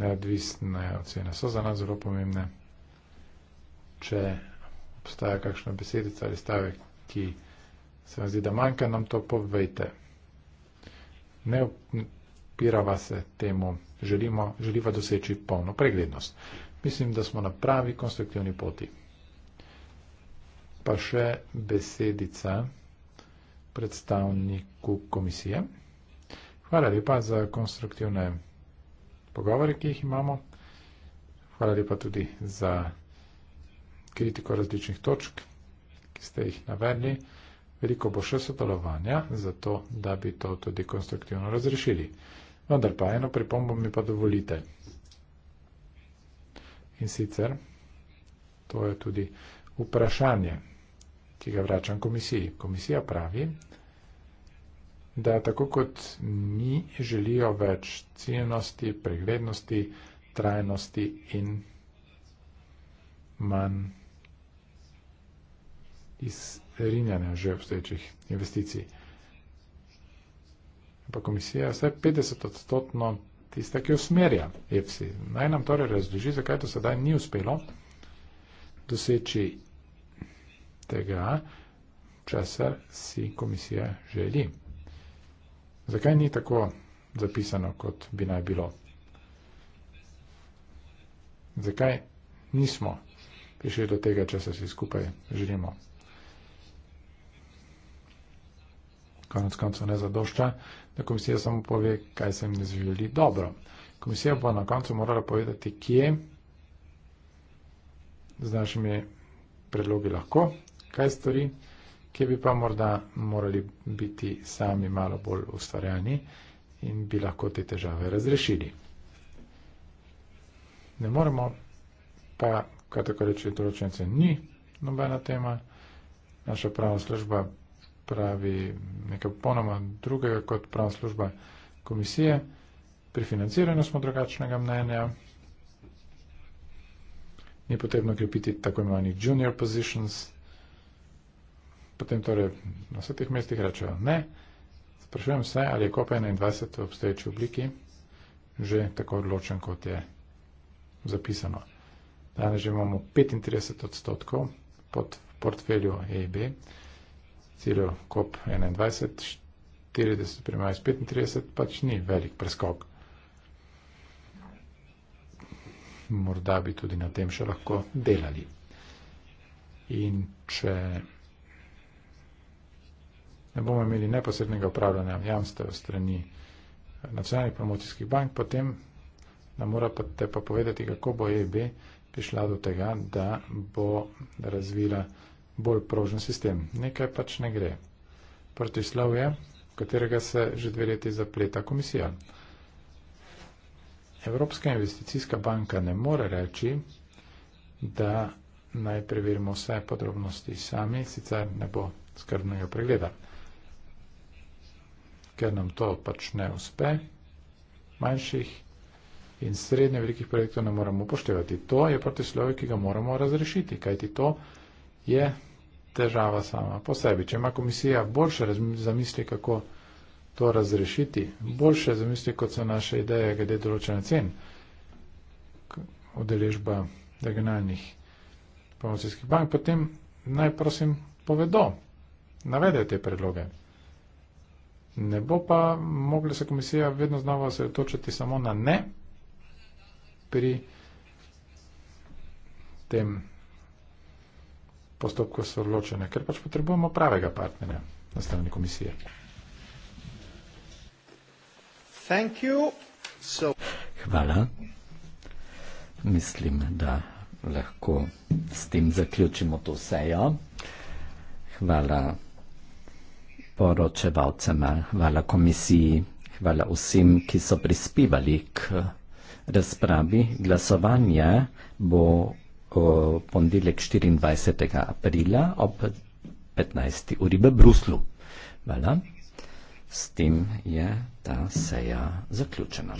Neodvisne ocene so za nas zelo pomembne. Če obstaja kakšna besedica ali stavek, ki se vam zdi, da manjka, nam to povejte. Ne opirava se temu, želimo, želiva doseči polno preglednost. Mislim, da smo na pravi konstruktivni poti. Pa še besedica predstavniku komisije. Hvala lepa za konstruktivne pogovore, ki jih imamo. Hvala lepa tudi za kritiko različnih točk, ki ste jih navedli. Veliko bo še sodelovanja, zato da bi to tudi konstruktivno razrešili. Vendar pa eno pripombo mi pa dovolite. In sicer to je tudi vprašanje, ki ga vračam komisiji. Komisija pravi, da tako kot mi želijo več ciljnosti, preglednosti, trajnosti in manj izrinjanja že obstoječih investicij. Pa komisija vse 50 odstotno tista, ki usmerja EFSI. Naj nam torej razloži, zakaj to sedaj ni uspelo doseči tega, česar si komisija želi. Zakaj ni tako zapisano, kot bi naj bilo? Zakaj nismo prišli do tega, če se vsi skupaj želimo? Konec koncev ne zadošča, da komisija samo pove, kaj se jim ne zveli dobro. Komisija bo na koncu morala povedati, kje z našimi predlogi lahko, kaj stori ki bi pa morda morali biti sami malo bolj ustvarjani in bi lahko te težave razrešili. Ne moremo pa, kaj tako reči, določence ni nobena tema. Naša pravna služba pravi nekaj ponoma drugega kot pravna služba komisije. Pri financiranju smo drugačnega mnenja. Ni potrebno krepiti tako imenovanih junior positions, potem torej na vseh teh mestih rečejo ne. Sprašujem se, ali je COP21 v obstoječi obliki že tako odločen, kot je zapisano. Danes že imamo 35 odstotkov pod portfelju EIB, e ciljo COP21, 40 primarj 35, pač ni velik preskok. Morda bi tudi na tem še lahko delali. In če ne bomo imeli neposrednega upravljanja jamstev strani nacionalnih promocijskih bank, potem nam mora pa te pa povedati, kako bo EIB prišla do tega, da bo razvila bolj prožen sistem. Nekaj pač ne gre. Protislav je, katerega se že dve leti zapleta komisija. Evropska investicijska banka ne more reči, da naj preverimo vse podrobnosti sami, sicer ne bo skrbnega pregleda ker nam to pač ne uspe, manjših in srednje velikih projektov ne moramo upoštevati. To je protislovje, ki ga moramo razrešiti, kajti to je težava sama po sebi. Če ima komisija boljše zamisli, kako to razrešiti, boljše zamisli, kot so naše ideje glede določene cen, udeležba regionalnih pomočijskih bank, potem naj prosim povedo, navedajo te predloge. Ne bo pa mogla se komisija vedno znova osredotočiti samo na ne pri tem postopku so odločene, ker pač potrebujemo pravega partnerja na strani komisije. Thank you. So... Hvala. Mislim, da lahko s tem zaključimo to sejo. Hvala poročevalcem, hvala komisiji, hvala vsem, ki so prispevali k razpravi. Glasovanje bo ponedeljek 24. aprila ob 15. uri v Bruslu. Hvala. S tem je ta seja zaključena.